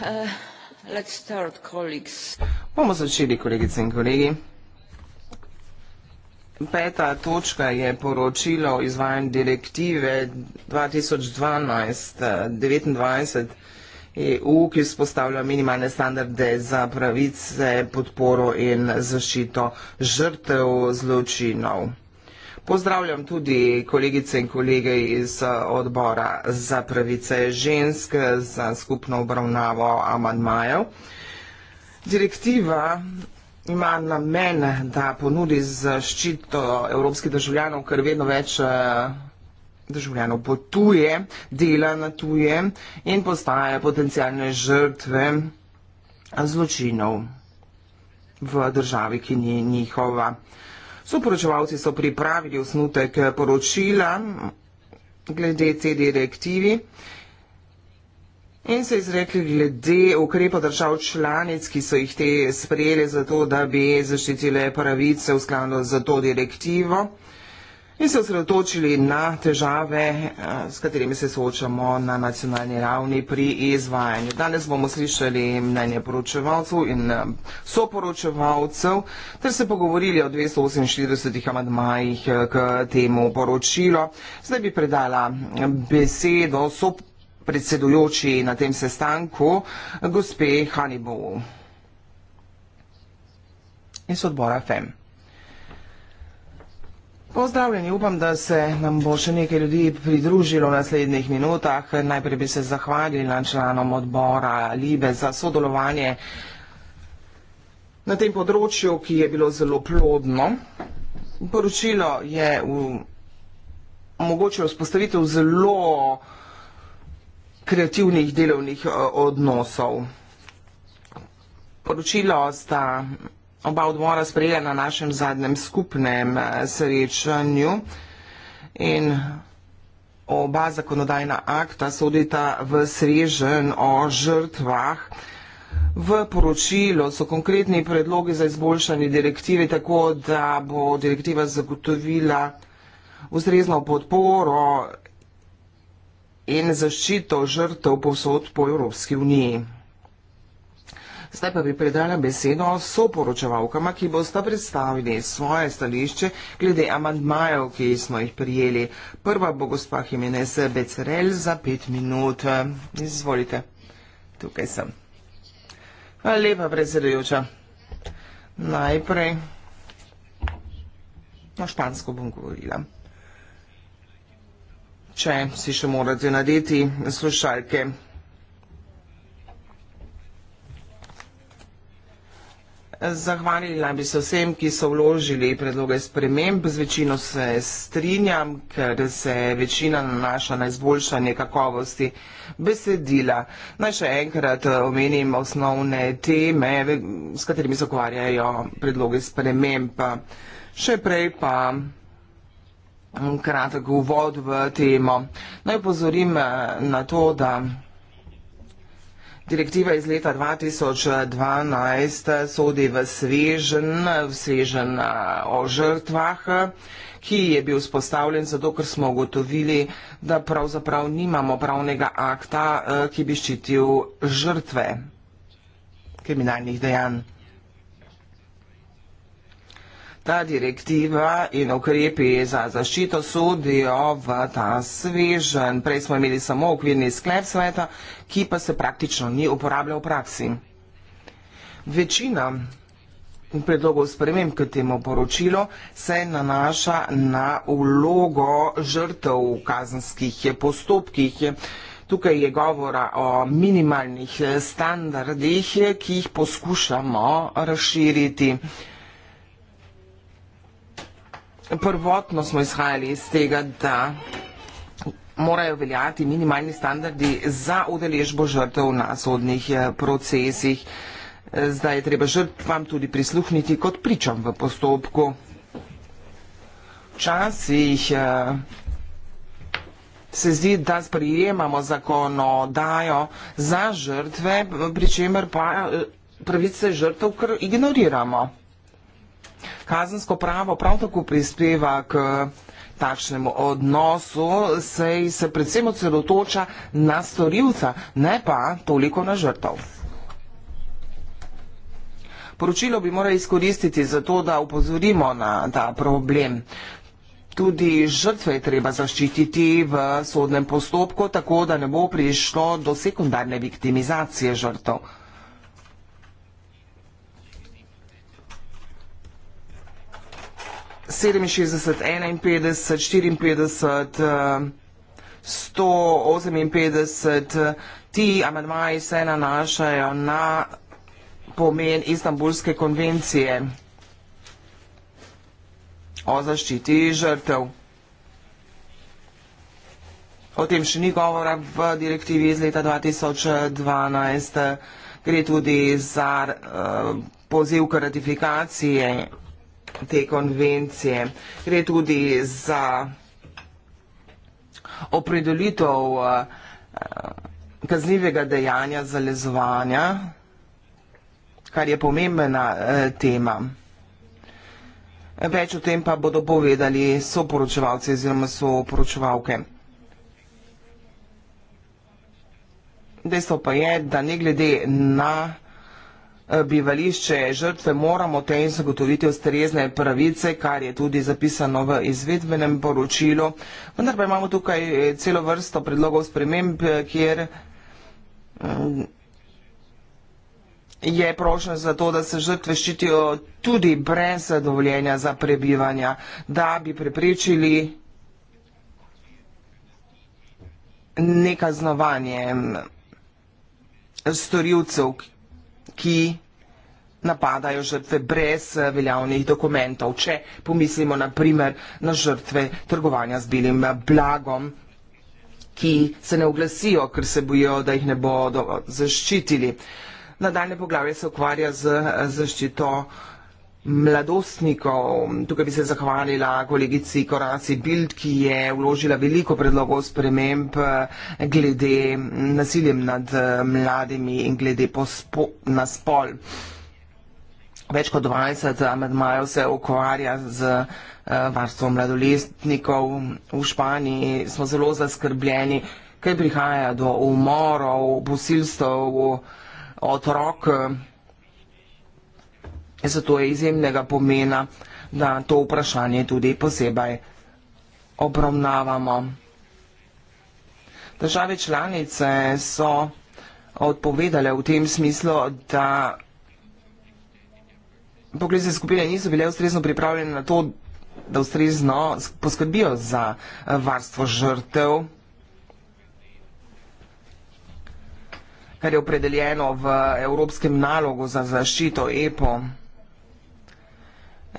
Uh, let's start, colleagues. Bomo začeli, kolegice in kolegi. Peta točka je poročilo o izvajanju direktive 2012-29 EU, ki vzpostavlja minimalne standarde za pravice, podporo in zaščito žrtev zločinov. Pozdravljam tudi kolegice in kolege iz eh, odbora za pravice žensk za skupno obravnavo amadmajev. Direktiva ima namen, da ponudi zaščito evropskih državljanov, ker vedno več eh, državljanov potuje, dela na tuje in postaje potencijalne žrtve zločinov v državi, ki ni njihova. Soporočevalci so pripravili osnutek poročila glede te direktivi in se izrekli glede ukrepa držav članic, ki so jih te sprejeli za to, da bi zaščitile pravice v skladu za to direktivo in se osredotočili na težave, eh, s katerimi se soočamo na nacionalni ravni pri izvajanju. Danes bomo slišali mnenje poročevalcev in eh, soporočevalcev, ter se pogovorili o 248 amadmajih eh, k temu poročilo. Zdaj bi predala besedo sopredsedujoči na tem sestanku, gospe Hanibovu iz odbora FEM. Pozdravljeni, upam, da se nam bo še nekaj ljudi pridružilo v naslednjih minutah. Najprej bi se zahvalila članom odbora Libe za sodelovanje na tem področju, ki je bilo zelo plodno. Poročilo je omogočilo spostavitev zelo kreativnih delovnih eh, odnosov. Poročilo sta oba odbora sprejela na našem zadnjem skupnem eh, srečanju in oba zakonodajna akta sodita v srežen o žrtvah. V poročilu so konkretni predlogi za izboljšanje direktive, tako da bo direktiva zagotovila ustrezno podporo in zaščito žrtev posod po Evropski uniji. Zdaj pa bi predala besedo soporočevalkama, ki bosta predstavili svoje stališče glede amandmajev, ki smo jih prijeli. Prva bo gospa Jimenez Becerel za pet minut. Izvolite, tukaj sem. Lepa predsedujoča. Najprej na špansko bom govorila. Če si še morate nadeti slušalke, Zahvalili naj bi se vsem, ki so vložili predloge sprememb. Z večino se strinjam, ker se večina nanaša na izboljšanje kakovosti besedila. Naj še enkrat eh, omenim osnovne teme, s katerimi se ukvarjajo predloge sprememb. Še prej pa kratek uvod v temo. Naj pozorim eh, na to, da Direktiva iz leta 2012 sodi v svežen, v svežen o žrtvah, ki je bil spostavljen zato, ker smo ugotovili, da pravzaprav nimamo pravnega akta, ki bi ščitil žrtve kriminalnih dejanj. Ta direktiva in ukrepi za zaščito sodijo v ta svežen. Prej smo imeli samo okvirni sklep sveta, ki pa se praktično ni uporabljal v praksi. Večina predlogov sprememb k temu poročilu se nanaša na vlogo žrtev v kazenskih postopkih. Tukaj je govora o minimalnih standardih, ki jih poskušamo razširiti prvotno smo izhajali iz tega, da morajo veljati minimalni standardi za udeležbo žrtev na sodnih eh, procesih. Eh, zdaj je treba žrtvam tudi prisluhniti kot pričam v postopku. Včasih eh, se zdi, da sprijemamo zakono, dajo za žrtve, pričemer pa pravice žrtev kar ignoriramo kazensko pravo prav tako prispeva k takšnemu odnosu, sej se predvsem ocelotoča na storilca, ne pa toliko na žrtov. Poročilo bi mora izkoristiti za to, da upozorimo na ta problem. Tudi žrtve je treba zaščititi v sodnem postopku, tako da ne bo prišlo do sekundarne viktimizacije žrtov. 67, 51, 54, 158, ti amedmaji se nanašajo na pomen Istanbulske konvencije o zaščiti žrtev. O tem še ni govora v direktivi iz leta 2012. Gre tudi za eh, poziv k ratifikacije te konvencije. Gre tudi za opredelitev eh, kaznivega dejanja zalezovanja, kar je pomembna eh, tema. Več o tem pa bodo povedali soporočevalci oziroma soporočevalke. Dejstvo pa je, da ne glede na vsega, Eh, bivališče žrtve, moramo tej zagotoviti ustrezne pravice, kar je tudi zapisano v izvedbenem poročilu. Vendar pa imamo tukaj eh, celo vrsto predlogov sprememb, eh, kjer mm, je prošen za to, da se žrtve ščitijo tudi brez dovoljenja za prebivanja, da bi preprečili nekaznovanje storilcev, ki napadajo žrtve brez eh, veljavnih dokumentov. Če pomislimo naprimer na žrtve trgovanja z belim eh, blagom, ki se ne oglasijo, ker se bojijo, da jih ne bodo zaščitili. Nadaljne poglavje se ukvarja z eh, zaščito uh, mladostnikov. Tukaj bi se zahvalila kolegici Koraci Bild, ki je vložila veliko predlogov sprememb eh, glede nasiljem nad eh, mladimi in glede na spol. Več kot 20 amedmajev se ukvarja z eh, varstvom mladoletnikov. V Španiji smo zelo zaskrbljeni, kaj prihaja do umorov, posilstv, otrok zato je izjemnega pomena, da to vprašanje tudi posebej obravnavamo. Države članice so odpovedale v tem smislu, da poklice skupine niso bile ustrezno pripravljene na to, da ustrezno poskrbijo za varstvo žrtev, kar je opredeljeno v evropskem nalogu za zaščito EPO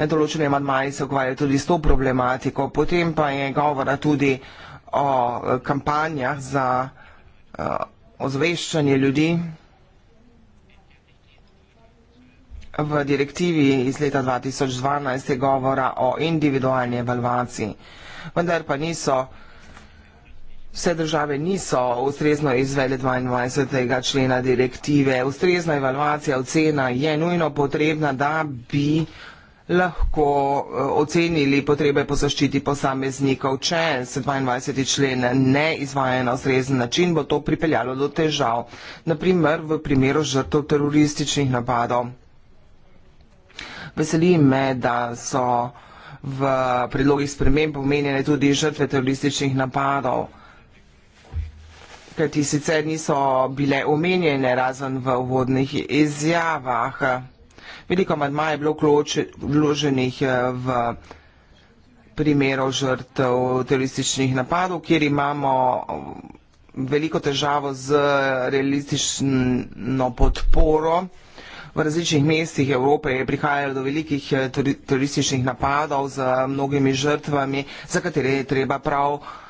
določenem admaji se ukvarja tudi s to problematiko. Potem pa je govora tudi o eh, kampanjah za eh, ozveščanje ljudi. V direktivi iz leta 2012 je govora o individualni evalvaciji, vendar pa niso Vse države niso ustrezno izvele 22. člena direktive. Ustrezna evalvacija ocena je nujno potrebna, da bi uh, lahko eh, ocenili potrebe po zaščiti posameznikov. Če se 22. člen ne izvaja na ustrezen način, bo to pripeljalo do težav, naprimer v primeru žrtov terorističnih napadov. Veseli me, da so v predlogih sprememb omenjene tudi žrtve terorističnih napadov, kajti sicer niso bile omenjene razen v uvodnih izjavah. Veliko amadmaje je bilo vloženih eh, v primerov žrtev terorističnih napadov, kjer imamo eh, veliko težavo z realistično podporo. V različnih mestih Evrope je prihajalo do velikih eh, terorističnih napadov z mnogimi žrtvami, za katere je treba prav vloženih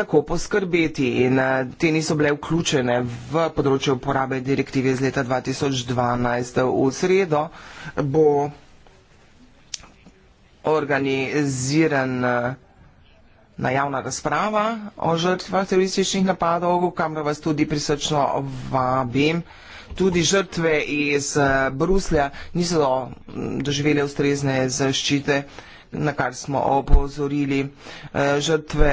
tako poskrbeti. In eh, te niso bile vključene v področje uporabe direktive iz leta 2012. V sredo bo organiziran eh, na javna razprava o žrtvah terorističnih napadov, kamor vas tudi prisrčno vabim. Tudi žrtve iz eh, Bruslja niso mm, doživele ustrezne zaščite, na kar smo opozorili. Žrtve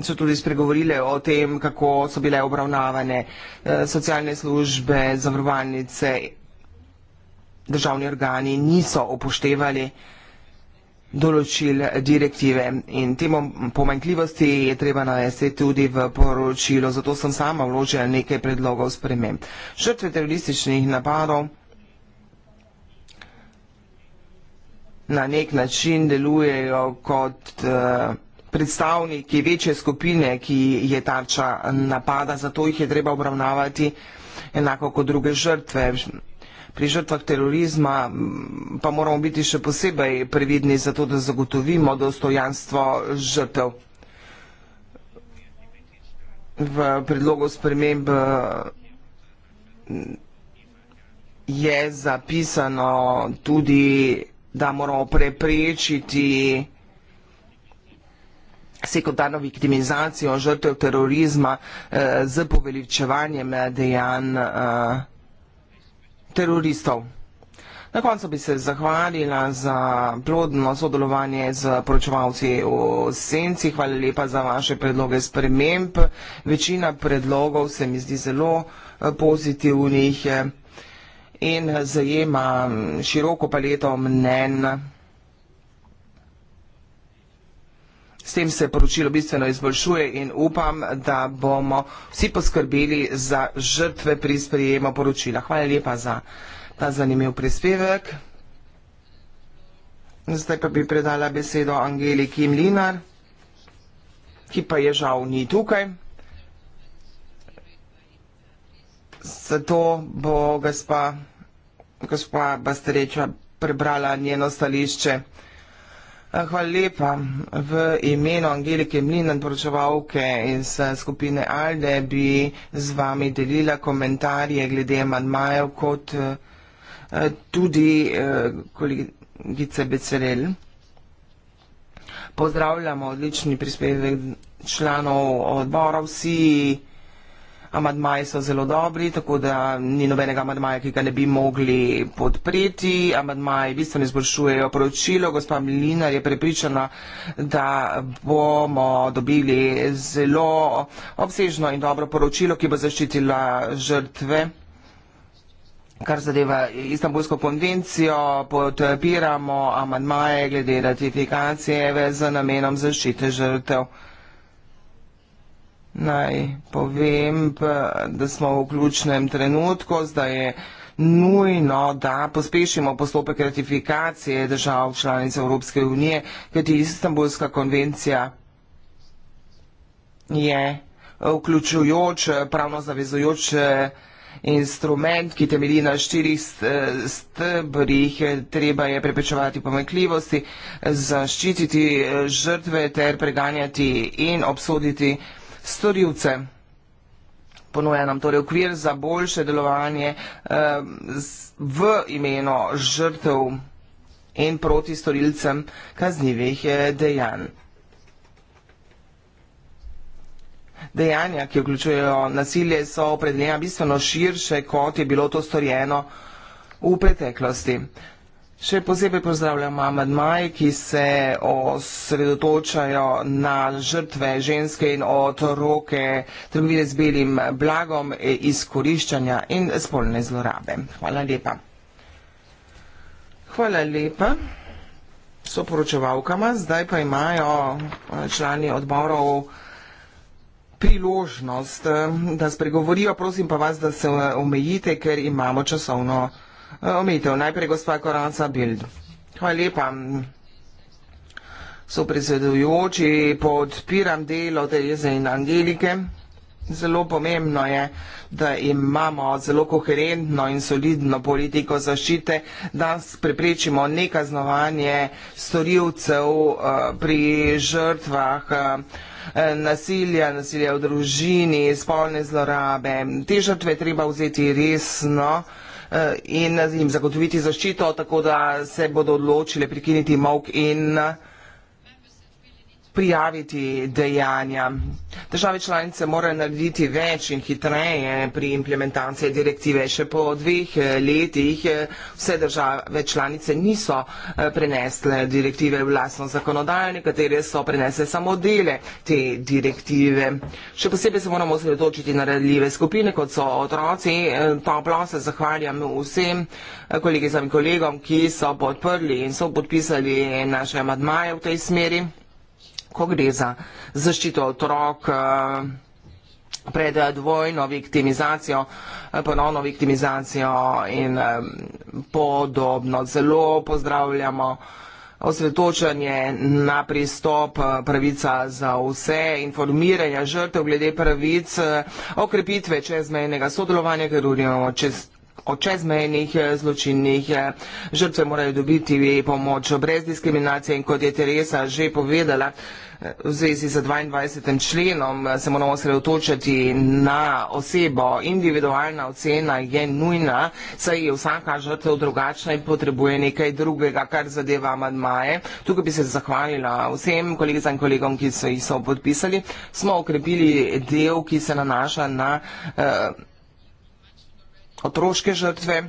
so tudi spregovorile o tem, kako so bile obravnavane eh, socialne službe, zavrvalnice, državni organi niso upoštevali določil direktive in temo pomankljivosti je treba navesti tudi v poročilo, zato sem sama vložila nekaj predlogov sprememb. Žrtve terorističnih napadov na nek način delujejo kot vsega, eh, predstavniki večje skupine, ki je tarča napada, zato jih je treba obravnavati enako kot druge žrtve. Pri žrtvah terorizma mm, pa moramo biti še posebej previdni za to, da zagotovimo dostojanstvo žrtev. V predlogu sprememb mm, je zapisano tudi, da moramo preprečiti vsega, sekundarno viktimizacijo žrtev terorizma eh, z poveličevanjem eh, dejanj eh, teroristov. Na koncu bi se zahvalila za plodno sodelovanje z poročevalci v Senci. Hvala lepa za vaše predloge sprememb. Večina predlogov se mi zdi zelo pozitivnih in zajema mm, široko paleto mnen. S tem se poročilo bistveno izboljšuje in upam, da bomo vsi poskrbeli za žrtve pri sprejemu poročila. Hvala lepa za ta zanimiv prispevek. Zdaj pa bi predala besedo Angeli Kim Linar, ki pa je žal ni tukaj. Zato bo gospa, gospa Bastareča prebrala njeno stališče. Eh, hvala lepa. V imenu Angelike Mlinan, poročevalke iz eh, skupine Alde, bi z vami delila komentarje glede manjmajev kot eh, tudi kolegice Becerel. Pozdravljamo odlični prispevek članov odbora. Vsi Amadmaji so zelo dobri, tako da ni nobenega amadmaja, ki ga ne bi mogli podpreti. Amadmaji bistveno izboljšujejo poročilo. Gospa Milinar je prepričana, da bomo dobili zelo obsežno in dobro poročilo, ki bo zaščitila žrtve. Kar zadeva Istanbulsko konvencijo, podpiramo amadmaje glede ratifikacije z namenom zaščite žrtev naj povem, da smo v ključnem trenutku, zdaj je nujno, da pospešimo postopek ratifikacije držav članic Evropske unije, kajti Istanbulska konvencija je vključujoč, pravno zavezujoč eh, instrument, ki temelji na štirih eh, stebrih. Treba je preprečevati pomekljivosti, zaščititi eh, žrtve ter preganjati in obsoditi storilce. Ponuja nam torej okvir za boljše delovanje eh, v imeno žrtev in proti storilcem kaznivih eh, dejanj. Dejanja, ki vključujejo nasilje, so opredeljena bistveno širše, kot je bilo to storjeno v preteklosti. Še posebej pozdravljam amadmaje, ki se osredotočajo na žrtve ženske in otroke, trgovine z belim blagom, e, izkoriščanja in spolne zlorabe. Hvala lepa. Hvala lepa so poročevalkama, zdaj pa imajo e, člani odborov priložnost, e, da spregovorijo, prosim pa vas, da se omejite, ker imamo časovno vprašanje. Eh, omejitev. Najprej gospa Koranca Bild. Hvala lepa. So prizvedujoči, podpiram delo Tereze in Angelike. Zelo pomembno je, da imamo zelo koherentno in solidno politiko zaščite, da preprečimo nekaznovanje storilcev eh, pri žrtvah eh, nasilja, nasilja v družini, spolne zlorabe. Te žrtve treba vzeti resno. Eh, in jim zagotoviti zaščito, tako da se bodo odločili prikiniti mok in eh, prijaviti dejanja. Države članice morajo narediti več in hitreje pri implementaciji direktive. Še po dveh eh, letih eh, vse države članice niso eh, prenesle direktive v vlastno zakonodajo, nekatere so prenesle samo dele te direktive. Še posebej se moramo osredotočiti na redljive skupine, kot so otroci. Pa plav se zahvaljam vsem kolegicam in kolegom, ki so podprli in so podpisali naše amadmaje v tej smeri ko gre za zaščito otrok eh, pred dvojno viktimizacijo, eh, ponovno viktimizacijo in eh, podobno. Zelo pozdravljamo osvetočanje na pristop pravica za vse, informiranja žrtev glede pravic, okrepitve čezmejnega sodelovanja, ker urimo čez o čezmejnih eh, zločinnih. Eh, žrtve morajo dobiti pomoč brez diskriminacije in kot je Teresa že povedala, eh, v zvezi z 22. členom se moramo sredotočiti na osebo. Individualna ocena je nujna, saj je vsaka žrtev drugačna in potrebuje nekaj drugega, kar zadeva madmaje. Tukaj bi se zahvalila vsem kolegicam in kolegom, ki so jih so podpisali. Smo okrepili del, ki se nanaša na uh, otroške žrtve,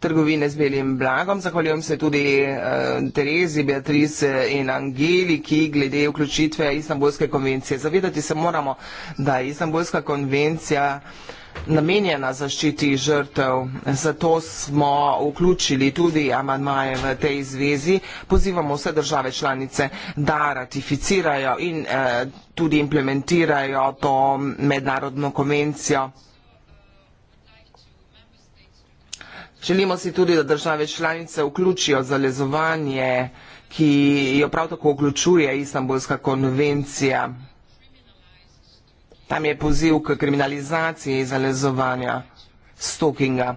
trgovine z belim blagom. Zahvaljujem se tudi uh, Terezi, Beatrice eh, in Angeliki glede vključitve Istanbulske konvencije. Zavedati se moramo, da je Istanbulska konvencija uh, namenjena zaščiti žrtev. Zato smo vključili tudi amadmaje v tej zvezi. Pozivamo vse države članice, da ratificirajo in eh, tudi implementirajo to mednarodno konvencijo. Želimo si tudi, da države članice vključijo zalezovanje, ki jo prav tako vključuje Istanbulska konvencija. Tam je poziv k kriminalizaciji zalezovanja stokinga.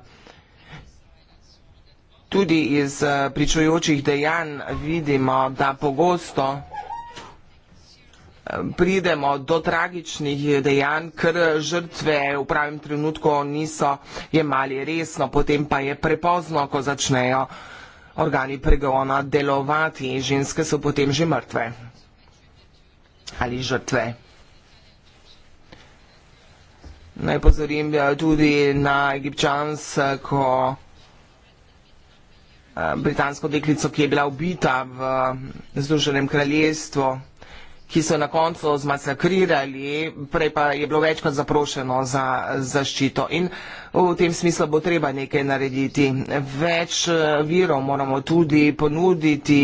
Tudi iz eh, pričujočih dejanj vidimo, da pogosto eh, pridemo do tragičnih dejanj, ker žrtve v pravem trenutku niso jemali resno, potem pa je prepozno, ko začnejo organi pregona delovati. Ženske so potem že mrtve ali žrtve. Naj pozorim ja, tudi na egipčansko eh, britansko deklico, ki je bila ubita v Združenem kraljestvu, ki so na koncu zmasakrirali, prej pa je bilo večkrat zaprošeno za zaščito. In v tem smislu bo treba nekaj narediti. Več eh, virov moramo tudi ponuditi,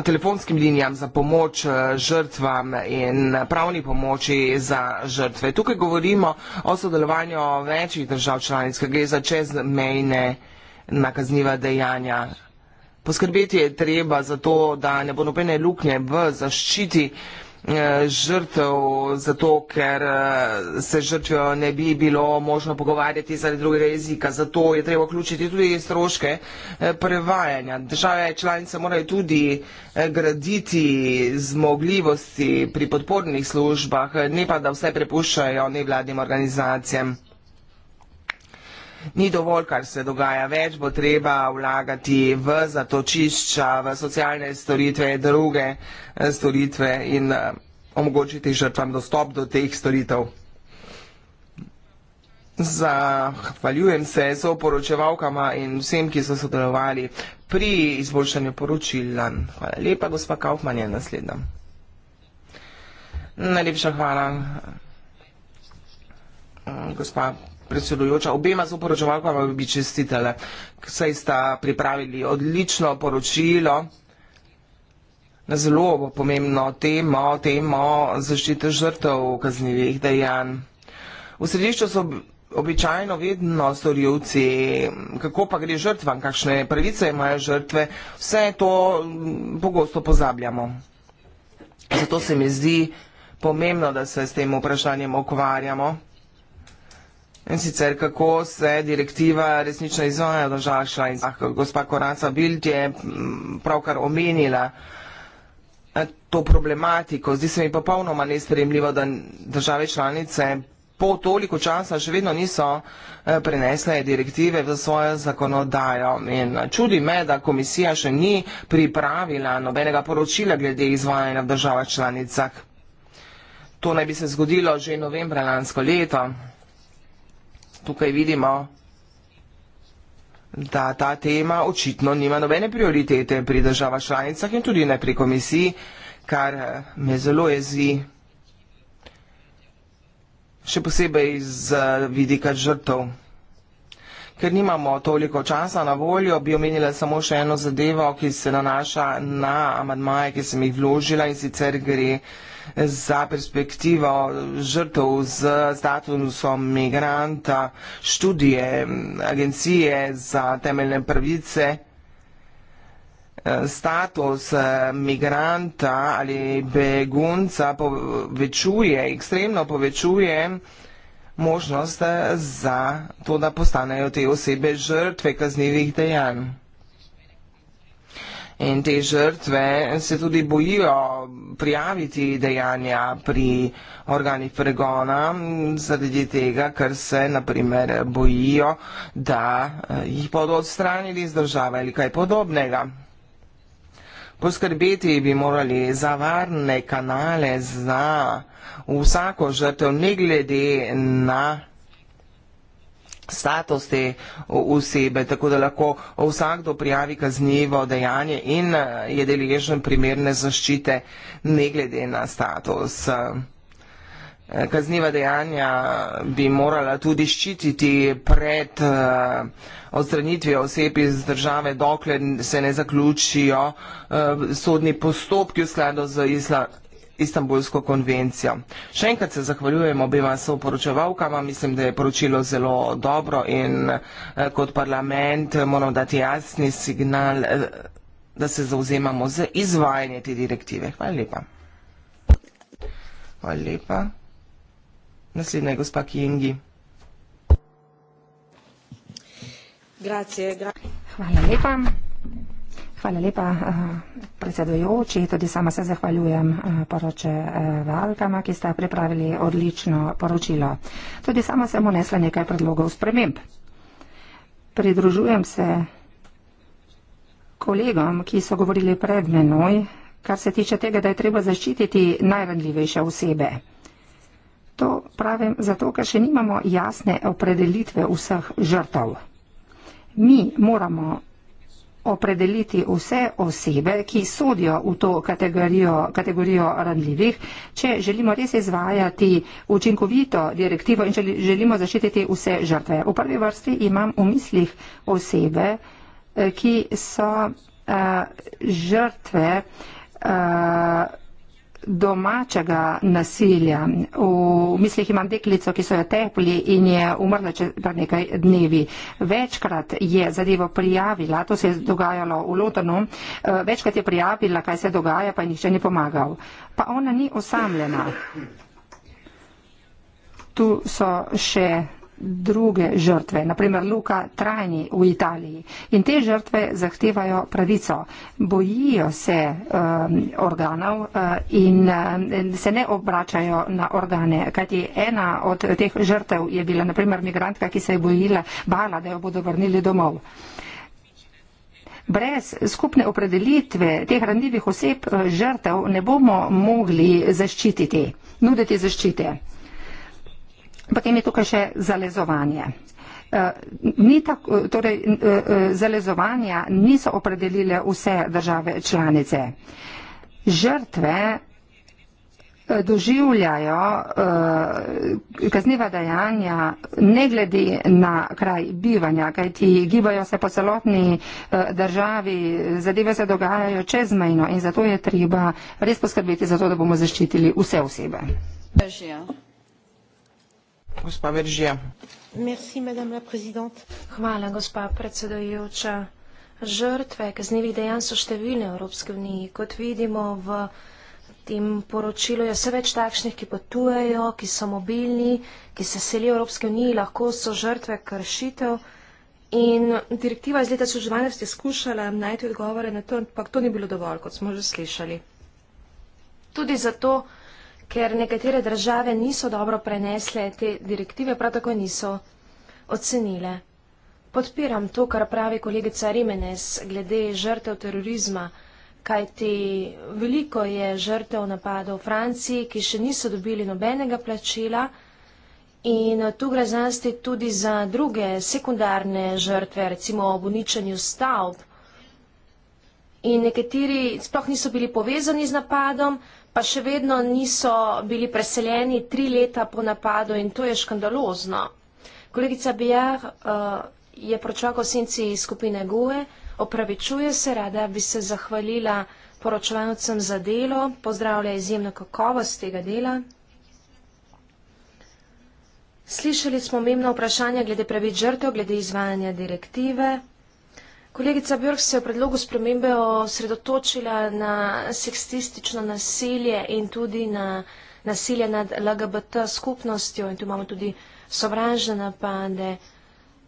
telefonskim linijam za pomoč eh, žrtvam in pravni pomoči za žrtve. Tukaj govorimo o sodelovanju večjih držav članic, ki gre za čezmejne nakazniva dejanja. Poskrbeti je treba za to, da ne bo nobene luknje v zaščiti žrtve Eh, žrtev, zato ker eh, se žrtvijo ne bi bilo možno pogovarjati zaradi drugega jezika. Zato je treba vključiti tudi stroške eh, prevajanja. Države članice morajo tudi graditi zmogljivosti pri podpornih službah, ne pa da vse prepuščajo nevladnim organizacijam ni dovolj, kar se dogaja več, bo treba vlagati v zatočišča, v socialne storitve, druge eh, storitve in eh, omogočiti žrtvam dostop do teh storitev. Zahvaljujem se so poročevalkama in vsem, ki so sodelovali pri izboljšanju poročila. Hvala lepa, gospa Kaufman je naslednja. Najlepša hvala, gospa predsedujoča, obema soporočevalkama bi čestitele. Saj sta pripravili odlično poročilo na zelo pomembno temo, temo zaščite žrtev kaznjivih dejanj. V središču so običajno vedno storilci, kako pa gre žrtvam, kakšne pravice imajo žrtve, vse to mm, pogosto pozabljamo. Zato se mi zdi pomembno, da se s tem vprašanjem okvarjamo. In sicer kako se direktiva resnično izvaja držaša in ah, gospa Koraca Bild je mm, pravkar omenila eh, to problematiko. Zdi se mi popolnoma nesprejemljivo, da države članice po toliko časa še vedno niso eh, prenesle direktive v svojo zakonodajo. In čudi me, da komisija še ni pripravila nobenega poročila glede izvajanja v državah članicah. To naj bi se zgodilo že novembra lansko leto tukaj vidimo, da ta tema očitno nima nobene prioritete pri državah članicah in tudi ne pri komisiji, kar eh, me zelo jezi. Še posebej z eh, vidika žrtov. Ker nimamo toliko časa na voljo, bi omenila samo še eno zadevo, ki se nanaša na amadmaje, ki sem jih vložila in sicer gre vsega za perspektivo žrtov z statusom migranta študije Agencije za temeljne pravice. Status eh, migranta ali begunca povečuje, ekstremno povečuje možnost eh, za to, da postanejo te osebe žrtve kaznjivih dejanj. In te žrtve se tudi bojijo prijaviti dejanja pri organih pregona zaradi tega, ker se naprimer bojijo, da eh, jih bodo odstranili iz države ali kaj podobnega. Poskrbeti bi morali za varne kanale za vsako žrtev, ne glede na vsega, status te osebe, tako da lahko vsakdo prijavi kaznjivo dejanje in eh, je deležen primerne zaščite, ne glede na status. Eh, kazniva dejanja bi morala tudi ščititi pred eh, odstranitvijo oseb iz države, dokler se ne zaključijo sodni postopki v skladu z islamskim. Istanbulsko konvencijo. Še enkrat se zahvaljujem obima soporočevalkama, mislim, da je poročilo zelo dobro in eh, kot parlament moram dati jasni signal, eh, da se zauzemamo za izvajanje te direktive. Hvala lepa. Hvala lepa. Naslednja je gospa Kingi. Grazie, grazie. Hvala lepa. Hvala lepa, eh, predsedujoči. Tudi sama se zahvaljujem eh, poroče Valkama, ki sta pripravili odlično poročilo. Tudi sama sem unesla nekaj predlogov sprememb. Pridružujem se kolegom, ki so govorili pred menoj, kar se tiče tega, da je treba zaščititi najranljivejše osebe. To pravim zato, ker še nimamo jasne opredelitve vseh žrtav. Mi moramo opredeliti vse osebe, ki sodijo v to kategorijo, kategorijo ranljivih, če želimo res izvajati učinkovito direktivo in želimo zaščititi vse žrtve. V prvi vrsti imam v mislih osebe, eh, ki so uh, žrtve. Uh, domačega nasilja. V mislih imam deklico, ki so jo tepli in je umrla pred nekaj dnevi. Večkrat je zadevo prijavila, to se je dogajalo v Londonu, eh, večkrat je prijavila, kaj se dogaja, pa nišče ni pomagal. Pa ona ni osamljena. Tu so še druge žrtve, naprimer Luka Trajni v Italiji. In te žrtve zahtevajo pravico. Bojijo se um, organov uh, in um, se ne obračajo na organe. Kajti ena od teh žrtev je bila naprimer migrantka, ki se je bojila, bala, da jo bodo vrnili domov. Brez skupne opredelitve teh randivih oseb uh, žrtev ne bomo mogli zaščititi, nuditi zaščite. Potem je tukaj še zalezovanje. Eh, ni tako, eh, torej, eh, zalezovanja niso opredelile vse države članice. Žrtve doživljajo kazniva dejanja ne glede na kraj bivanja, kajti gibajo se po celotni državi, zadeve se dogajajo čezmejno in zato je treba res poskrbeti za to, da bomo zaščitili vse osebe. Bežijo. Gospa Veržija. Hvala, gospa predsedojoča. Žrtve kaznivih dejanj so številne v Evropski uniji. Kot vidimo v tem poročilu, je vse več takšnih, ki potujejo, ki so mobilni, ki se selijo v Evropski uniji, lahko so žrtve kršitev. In direktiva iz leta 2012 je skušala najti odgovore na to, ampak to ni bilo dovolj, kot smo že slišali. Tudi zato, da ker nekatere države niso dobro prenesle te direktive, prav tako niso ocenile. Podpiram to, kar pravi kolegica Rimenes glede žrtev terorizma, kajti veliko je žrtev napadov v Franciji, ki še niso dobili nobenega plačila in tu gre zlasti tudi za druge sekundarne žrtve, recimo ob uničenju stavb. In nekateri sploh niso bili povezani z napadom, pa še vedno niso bili preseljeni tri leta po napadu in to je škandalozno. Kolegica Bijar uh, je poročala o senci skupine Goe, opravičuje se, rada bi se zahvalila poročevalcem za delo, pozdravlja izjemno kakovost tega dela. Slišali smo pomembno vprašanje glede pravic žrtev, glede izvajanja direktive. Kolegica Björk se je v predlogu spremembe osredotočila na seksistično nasilje in tudi na nasilje nad LGBT skupnostjo in tu imamo tudi sovražne napade.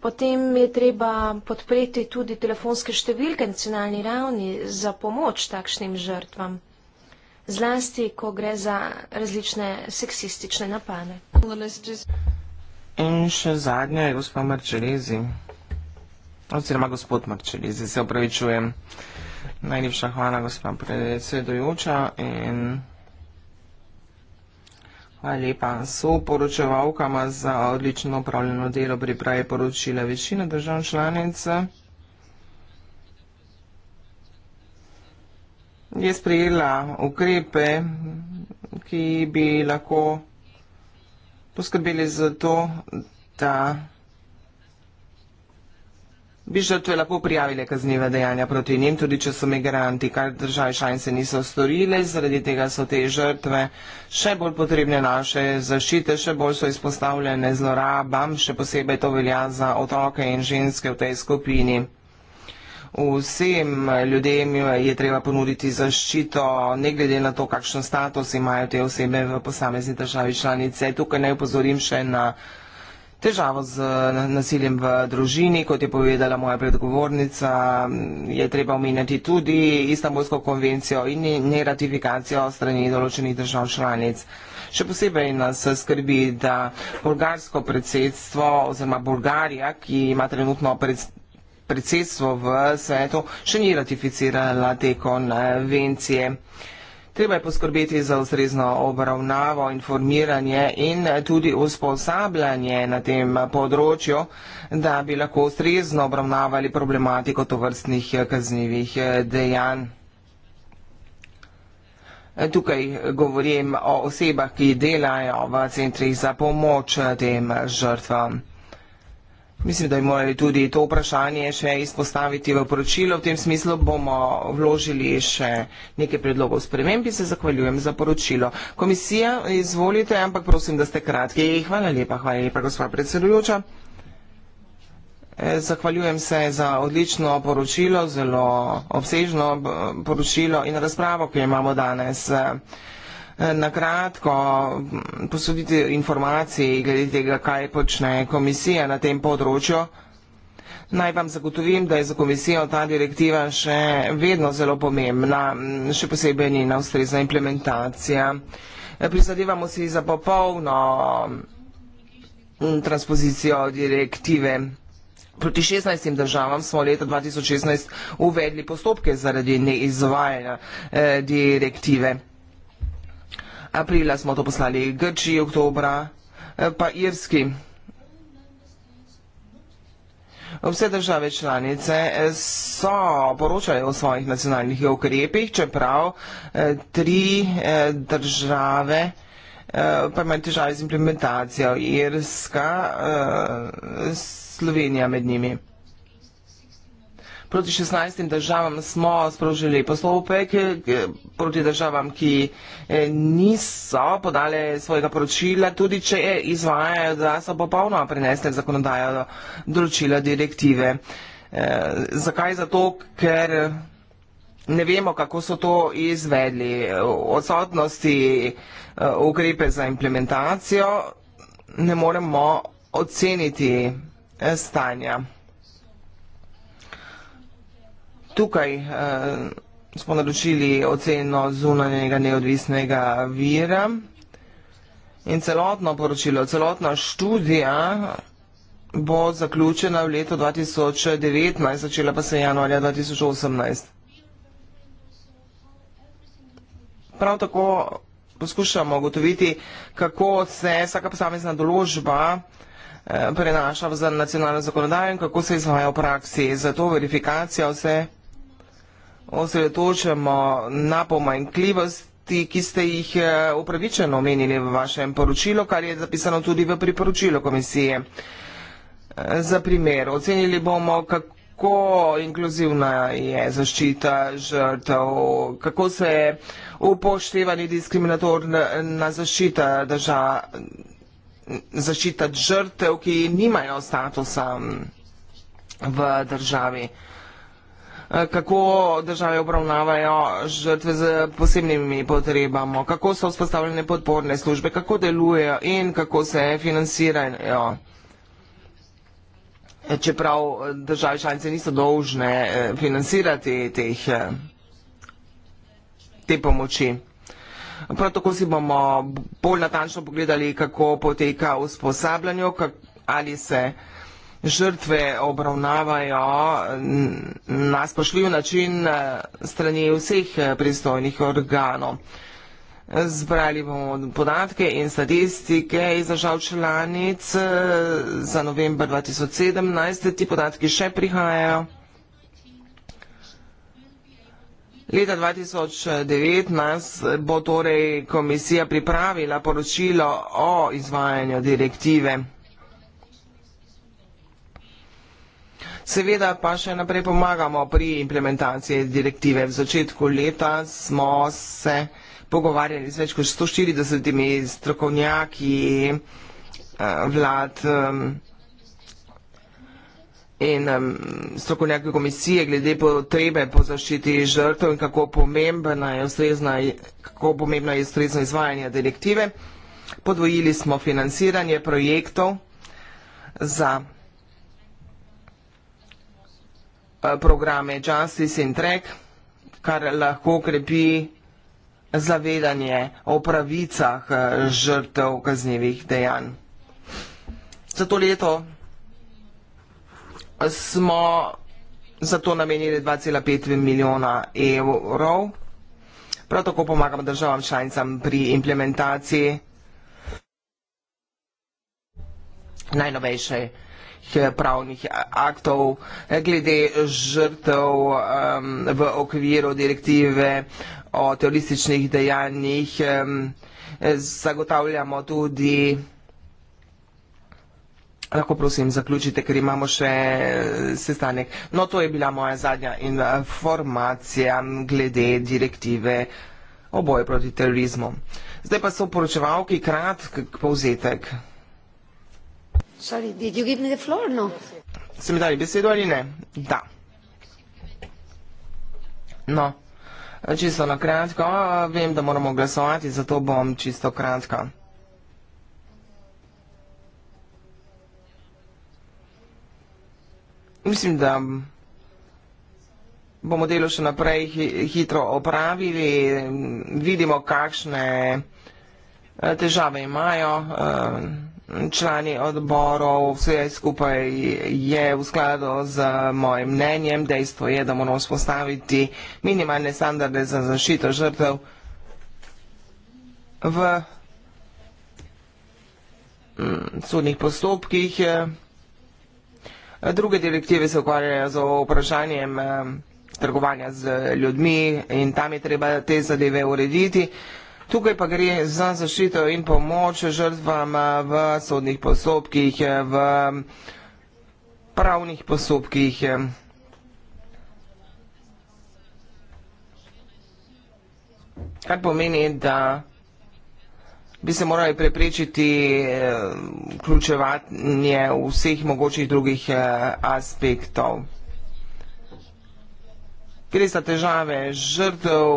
Potem je treba podpreti tudi telefonske številke na nacionalni ravni za pomoč takšnim žrtvam, zlasti, ko gre za različne seksistične napade. In še zadnja je gospa Marčelezi oziroma gospod Marčeli, zdaj se upravičujem. Najlepša hvala, gospa predsedujoča in hvala lepa soporočevalkama za odlično upravljeno delo pripravi poročila večina držav članic. Je sprejela ukrepe, ki bi lahko poskrbeli za to, da bi žrtve lahko prijavile kaznjive dejanja proti njim, tudi če so migranti, kar države članice niso storile, zaradi tega so te žrtve še bolj potrebne naše zašite, še bolj so izpostavljene zlorabam, še posebej to velja za otroke in ženske v tej skupini. Vsem ljudem je treba ponuditi zaščito, ne glede na to, kakšen status imajo te osebe v posamezni državi članice. Tukaj naj upozorim še na vsega, težavo z nasiljem v družini, kot je povedala moja predgovornica, je treba omeniti tudi Istanbulsko konvencijo in neratifikacijo strani določenih držav članic. Še posebej nas skrbi, da bolgarsko predsedstvo oziroma Bolgarija, ki ima trenutno predsedstvo v svetu, še ni ratificirala te konvencije. Uh, Treba je poskrbeti za ustrezno obravnavo, informiranje in tudi usposabljanje na tem področju, da bi lahko ustrezno obravnavali problematiko tovrstnih kaznjivih dejanj. Tukaj govorim o osebah, ki delajo v centrih za pomoč tem žrtvam. Mislim, da bi morali tudi to vprašanje še izpostaviti v poročilo. V tem smislu bomo vložili še nekaj predlogov sprememb in se zahvaljujem za poročilo. Komisija, izvolite, ampak prosim, da ste kratki. Hvala lepa, hvala lepa, gospod predsedujoča. E, zahvaljujem se za odlično poročilo, zelo obsežno poročilo in razpravo, ki jo imamo danes. Hvala lepa. Eh, na kratko mm, posoditi informacije glede tega, kaj počne komisija na tem področju. Naj vam zagotovim, da je za komisijo ta direktiva še vedno zelo pomembna, mm, še posebej njena ustrezna implementacija. Eh, prizadevamo si za popolno mm, transpozicijo direktive. Proti 16 državam smo leta 2016 uvedli postopke zaradi neizvajanja eh, direktive aprila smo to poslali Grčiji, oktobra eh, pa Irski. Vse države članice eh, so poročali o svojih nacionalnih ukrepih, čeprav eh, tri države pa imajo težave z implementacijo Irska, Slovenija med njimi. Proti 16 državam smo sprožili postopke, eh, proti državam, ki eh, niso podale svojega poročila, tudi če eh, izvajajo, da so popolnoma prenesle zakonodajo določila direktive. Zakaj? Zato, ker ne vemo, kako so to izvedli. Odsotnosti ukrepe za implementacijo ne moremo oceniti stanja tukaj uh, smo naročili oceno zunanjega neodvisnega vira in celotno poročilo, celotna študija bo zaključena v letu 2019, začela pa se januarja 2018. Prav tako poskušamo ugotoviti, kako se vsaka posamezna določba eh, prenaša v nacionalno zakonodajo in kako se izvaja v praksi. Zato verifikacija vse osredotočamo na pomanjkljivosti, ki ste jih eh, upravičeno omenili v vašem poročilu, kar je zapisano tudi v priporočilu komisije. Eh, za primer, ocenili bomo, kako inkluzivna je zaščita žrtev, kako se je upoštevanje diskriminatorna eh, zaščita država zaščitati žrtev, ki nimajo statusa mm, v državi. Eh, kako države obravnavajo žrtve z posebnimi potrebami, kako so vzpostavljene podporne službe, kako delujejo in kako se financirajo. Eh, čeprav države članice niso dolžne eh, financirati teh, te pomoči. Prav tako si bomo bolj natančno pogledali, kako poteka usposabljanje, ali se žrtve obravnavajo na spoštljiv način eh, strani vseh eh, pristojnih organov. Zbrali bomo podatke in statistike iz držav članic eh, za novembr 2017. Ti podatki še prihajajo. Leta 2019 bo torej komisija pripravila poročilo o izvajanju direktive Seveda pa še naprej pomagamo pri implementaciji direktive. V začetku leta smo se pogovarjali z več kot 140 strokovnjaki eh, vlad in strokovnjaki komisije glede potrebe po zaščiti žrtev in kako pomembna je ustrezna, kako pomembna je ustrezno izvajanje direktive. Podvojili smo financiranje projektov za programe Justice in Track, kar lahko krepi zavedanje o pravicah eh, žrtev kaznjevih dejanj. Za to leto smo zato namenili 2,5 milijona evrov. Prav tako pomagam državam članicam pri implementaciji najnovejšej vseh eh, pravnih aktov eh, glede žrtev um, v okviru direktive o terorističnih dejanjih. Um, zagotavljamo tudi, lahko prosim zaključite, ker imamo še sestanek. No, to je bila moja zadnja informacija glede direktive o boju proti terorizmu. Zdaj pa so poročevalki kratk povzetek. Sorry, did you give me the floor or no? Се ми дали беседу или не? Да. Но, чисто накратко, вим да морамо гласовати, зато бом чисто кратко. Mislim, da bomo delo še naprej hitro opravili, vidimo, kakšne eh, težave imajo. Uh, člani odborov, vse skupaj je v skladu z mojim mnenjem. Dejstvo je, da moramo spostaviti minimalne standarde za zašito žrtev v mm, sodnih postopkih. Druge direktive se ukvarjajo z vprašanjem mm, trgovanja z ljudmi in tam je treba te zadeve urediti. Tukaj pa gre za zaščito in pomoč žrtvam eh, v sodnih postopkih, eh, v mm, pravnih postopkih. Eh. Kar pomeni, da bi se morali preprečiti vključevanje vseh mogočih drugih aspektov kje so težave žrtev,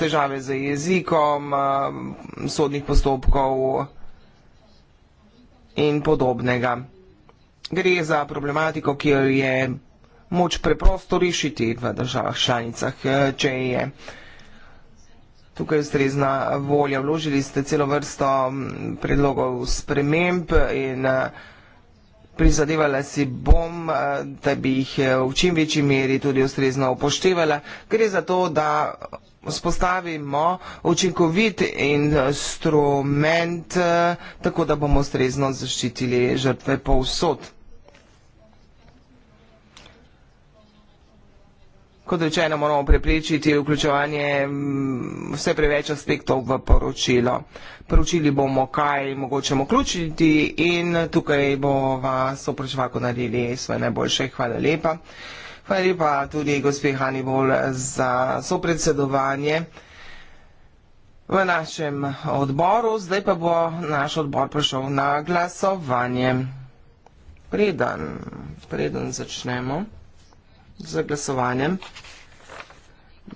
težave z jezikom, sodnih postopkov in podobnega. Gre za problematiko, ki jo je moč preprosto rešiti v državah članicah, če je tukaj ustrezna volja. Vložili ste celo vrsto predlogov sprememb in predlogov, prizadevala si bom, eh, da bi jih eh, v čim večji meri tudi ustrezno upoštevala. Gre za to, da spostavimo učinkovit instrument, eh, tako da bomo ustrezno zaščitili žrtve povsod. kot rečeno, moramo preprečiti vključevanje mm, vse preveč aspektov v poročilo. Poročili bomo, kaj mogočemo vključiti in tukaj bo vas oprašvako naredili svoje najboljše. Hvala lepa. Hvala lepa tudi gospe Hannibal za sopredsedovanje v našem odboru. Zdaj pa bo naš odbor prišel na glasovanje. Preden, preden začnemo za glasovanjem.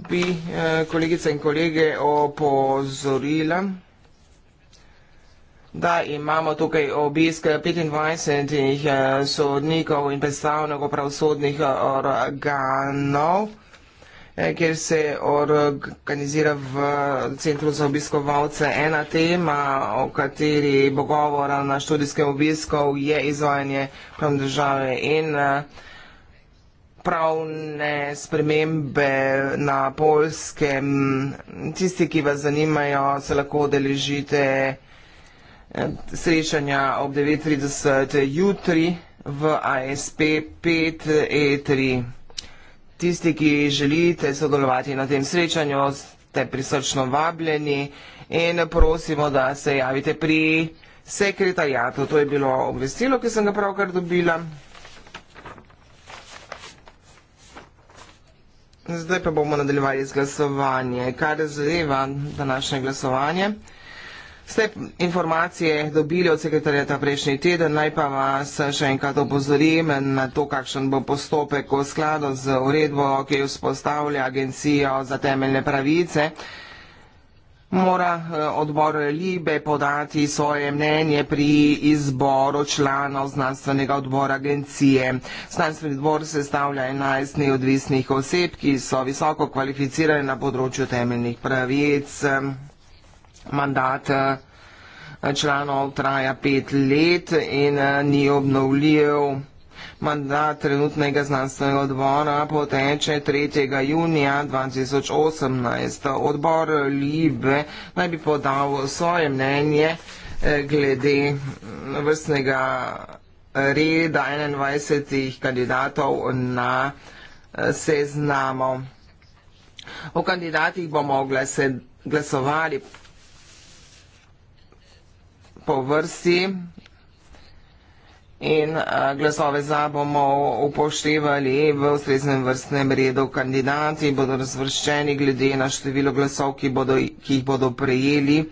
Bi eh, kolegice in kolege opozorila, da imamo tukaj obisk 25 eh, sodnikov in predstavnikov pravosodnih eh, organov kjer se organizira v Centru za obiskovalce. Ena tema, o kateri bo govora na študijskem obiskov, je izvajanje pravne države in uh, pravne spremembe na polskem. Tisti, ki vas zanimajo, se lahko deležite eh, srečanja ob 9.30 jutri v ASP 5E3. E Tisti, ki želite sodelovati na tem srečanju, ste prisrčno vabljeni in prosimo, da se javite pri sekretarjatu. To je bilo obvestilo, ki sem ga pravkar dobila. Zdaj pa bomo nadaljevali z glasovanje. Kar zadeva današnje glasovanje? Ste informacije dobili od sekretarjata prejšnji teden, naj pa vas še enkrat opozorim na to, kakšen bo postopek v skladu z uredbo, ki jo spostavlja Agencijo za temeljne pravice mora eh, odbor Libe podati svoje mnenje pri izboru članov znanstvenega odbora agencije. Znanstveni odbor sestavlja 11 neodvisnih oseb, ki so visoko kvalificirane na področju temeljnih pravic. Mandat eh, članov traja pet let in eh, ni obnovljiv mandat trenutnega znanstvenega odbora poteče 3. junija 2018. Odbor Libe naj bi podal svoje mnenje eh, glede mm, vrstnega eh, reda 21 kandidatov na eh, seznamo. O kandidatih bomo glasovali po vrsti in glasove za bomo upoštevali v ustreznem vrstnem redu. Kandidati bodo razvrščeni glede na število glasov, ki, bodo, ki jih bodo prejeli.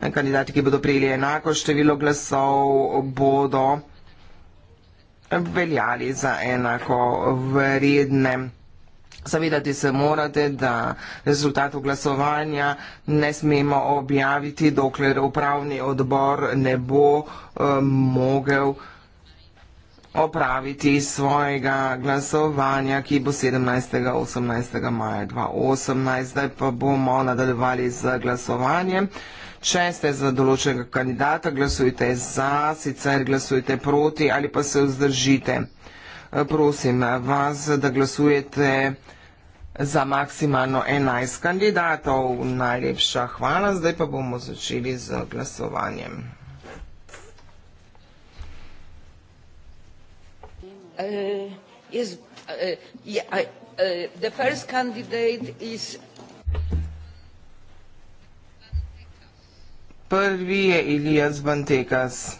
Kandidati, ki bodo prejeli enako število glasov, bodo veljali za enako vredne. Zavedati se morate, da rezultatov glasovanja ne smemo objaviti, dokler upravni odbor ne bo eh, mogel opraviti svojega glasovanja, ki bo 17. 18. maja 2018. Zdaj pa bomo nadaljevali z glasovanjem. Če ste za določenega kandidata, glasujte za, sicer glasujte proti ali pa se vzdržite. Eh, prosim vas, da glasujete za maksimalno 11 kandidatov. Najlepša hvala. Zdaj pa bomo začeli z glasovanjem. Eh, eh, Prvi je Ilijas Vantekas.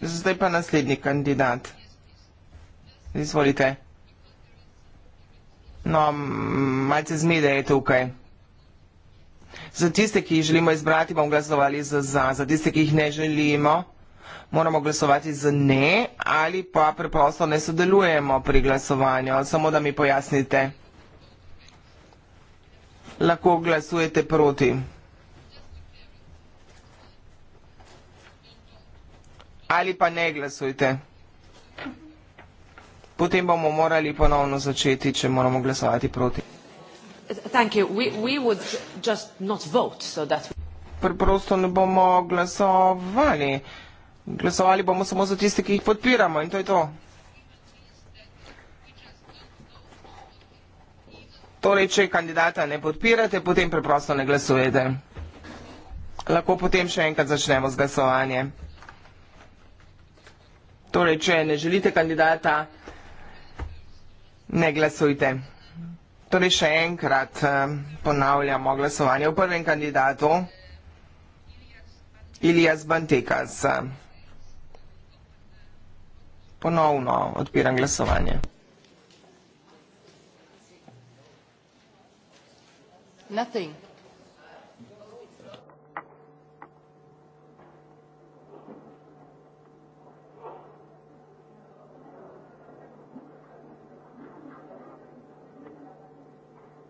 Zdaj pa naslednji kandidat. Izvolite. No, malce zmede je tukaj. Za tiste, ki jih želimo izbrati, bomo glasovali za za. Za tiste, ki jih ne želimo, moramo glasovati za ne ali pa preprosto ne sodelujemo pri glasovanju. Samo da mi pojasnite. Lahko glasujete proti. ali pa ne glasujte. Potem bomo morali ponovno začeti, če moramo glasovati proti. We, we Preprosto ne bomo glasovali. Glasovali bomo samo za tiste, ki jih podpiramo in to je to. Torej, če kandidata ne podpirate, potem preprosto ne glasujete. Lahko potem še enkrat začnemo z glasovanjem. Torej, če ne želite kandidata, ne glasujte. Torej, še enkrat eh, ponavljamo glasovanje. V prvem kandidatu Ilijas Bantekas. Ponovno odpiram glasovanje. Nothing.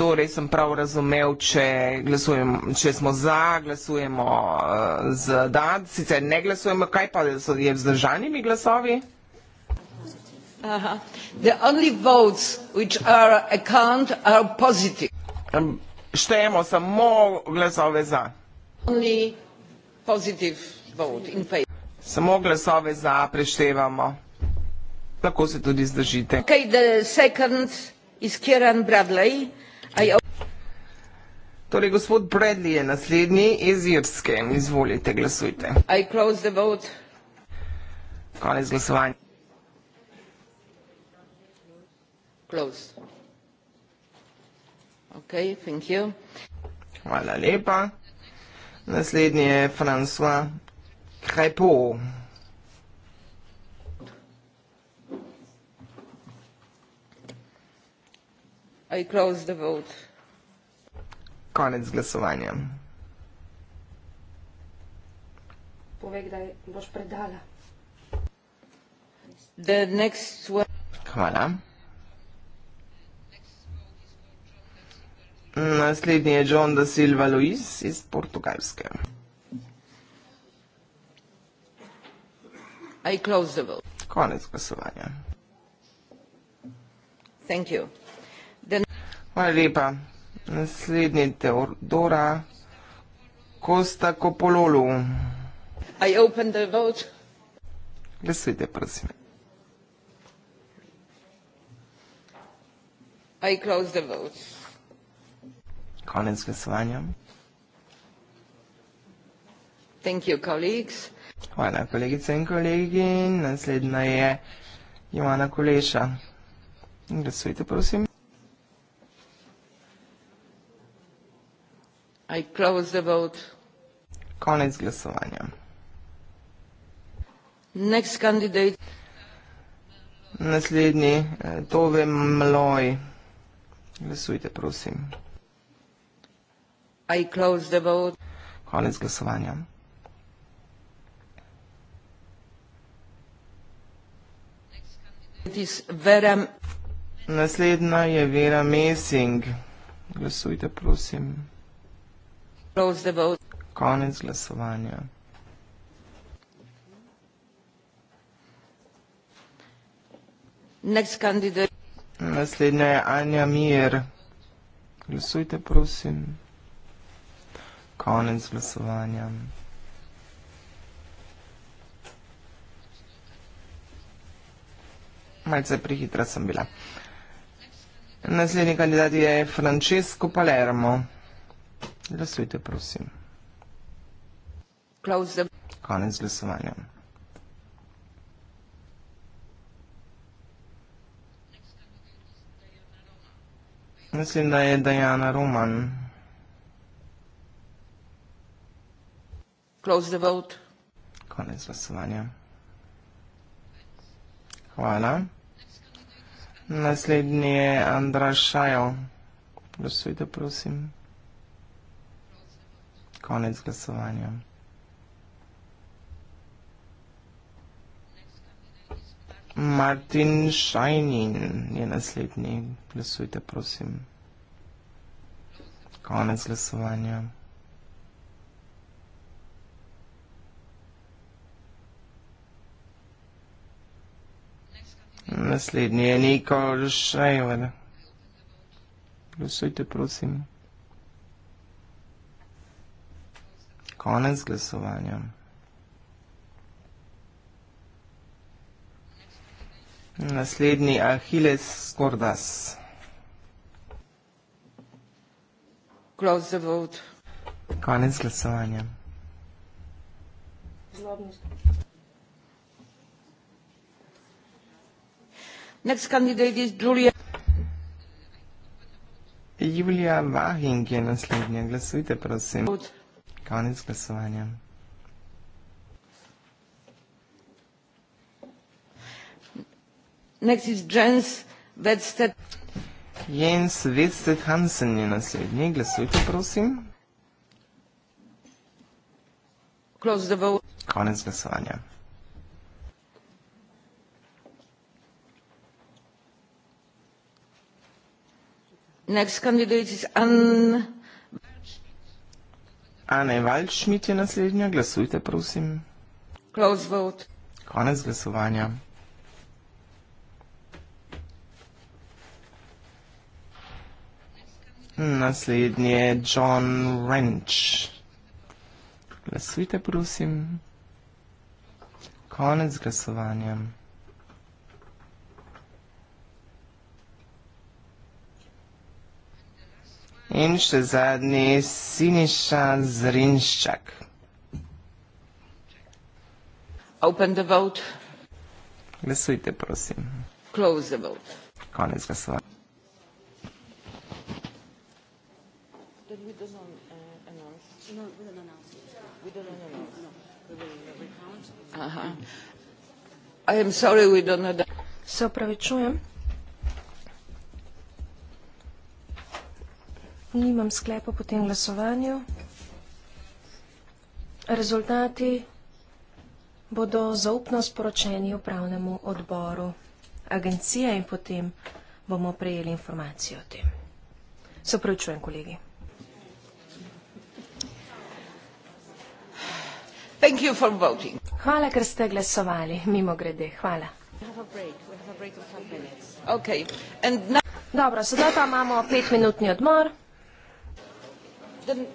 Torej sem prav razumel, če, glasujem, če smo za, glasujemo uh, eh, za da, sicer ne glasujemo, kaj pa je vzdržanimi glasovi? Štejemo samo glasove za. Samo glasove za preštevamo. Tako se tudi zdržite. Okay, Torej, gospod Bradley je naslednji iz Irske. Izvolite, glasujte. I close the vote. Konec glasovanja. Close. Okay, thank you. Hvala lepa. Naslednji je François Crepeau. I close the vote. Konec glasovanja. Povej, kdaj boš predala. The next one. Hvala. Naslednji je John da Silva Luis iz Portugalske. I close the vote. Konec glasovanja. Thank you. Hvala lepa. Naslednji Teodora Kosta Kopololu. I open the vote. Glasujte, prosim. I close the vote. Konec glasovanja. Thank you, colleagues. Hvala, kolegice in kolegi. Naslednja je Ivana Koleša. Glasujte, prosim. I close the vote. Konec glasovanja. Next candidate. Naslednji, eh, Tove Mloj. Glasujte, prosim. I close the vote. Konec glasovanja. Vera... Naslednja je Vera Messing. Glasujte, prosim. Konec glasovanja. Naslednja je Anja Mir. Glasujte, prosim. Konec glasovanja. Malce prihitra sem bila. Naslednji kandidat je Francesco Palermo. Hvala. Glasujte, prosim. Klauze. Konec glasovanja. Mislim, da je Dajana Roman. Close the vote. Konec glasovanja. Hvala. Naslednji je Andra Šajo. Glasujte, prosim konec glasovanja. Martin Šajnin je naslednji. Glasujte, prosim. Konec glasovanja. Naslednji je Nikol Šajver. Glasujte, prosim. Glasujte, prosim. Konec glasovanja. Naslednji Ahiles Skordas. Close the vote. Konec glasovanja. Next candidate is Julia. Julia Vahing je naslednja. Glasujte, prosim. Vote. Konec glasovanja. Next is Jens Vedsted. Jens Vedsted Hansen je naslednji. Glasujte, prosim. Close the vote. Konec glasovanja. Next candidate is Anne Ana Valjšmit je naslednja, glasujte, prosim. Close vote. Konec glasovanja. Naslednji je John Wrench. Glasujte, prosim. Konec glasovanja. In še zadnji, Siniša Zrinščak. Open the vote. Glasujte, prosim. Close the vote. Konec glasovanja. Uh, no, no. uh-huh. Se opravičujem. Nimam sklepa po tem glasovanju. Rezultati bodo zaupno sporočeni upravnemu odboru agencije in potem bomo prejeli informacijo o tem. Se pravičujem, kolegi. Thank you for voting. Hvala, ker ste glasovali. Mimo grede, hvala. Dobro, sedaj pa imamo petminutni odmor da